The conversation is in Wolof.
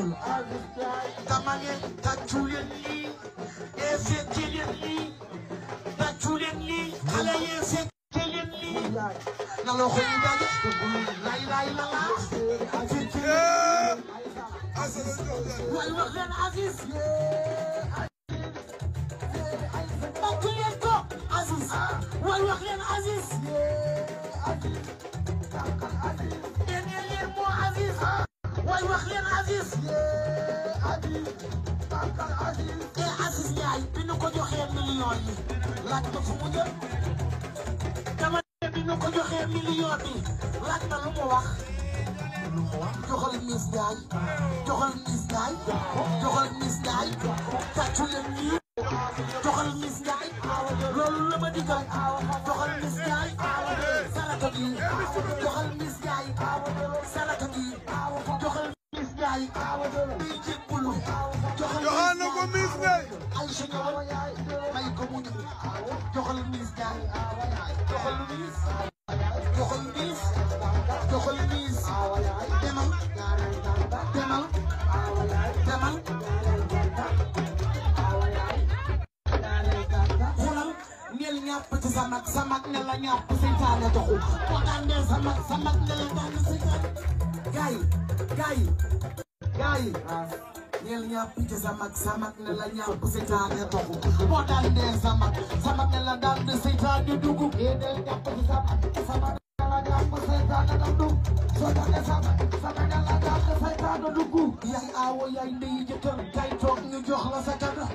كله تمانية تجولين لي يفتيلين لي تجولين لي على يفتيلين لي نلو خلينا لا لا لا لا والوقت العزيز والوقت العزيز عزيز million yi laaj na fu mu jëm tamante bi ñu ko joxee million bi laaj na lu mu wax lu mu wax joxal Miss Ndiaye joxal Miss Ndiaye joxal Miss Ndiaye tàccu leen ñii joxal Miss Ndiaye loolu la ma digal joxal Miss Ndiaye saraka bi joxal Miss Ndiaye saraka bi joxal Miss Ndiaye day jébbulu joxal na ko Miss Ndiaye ay doxal bis doxal bis demal demal demal xoolal neel ñàpp ci sa mag sa mag ne la ñàpp seytaane doxu boo dàndee sa mag sa mag ne la dànd seytaane gaay gaay gaay neel ñàpp ci samak samak ne la ñàpp seytaane toxu moo daan dee samak samak ne la daan de seytaane dugg ee del ñàpp ci samak samak ne la ñàpp seytaane dugg soo daan samak samak ne la daan toog ñu jox la sa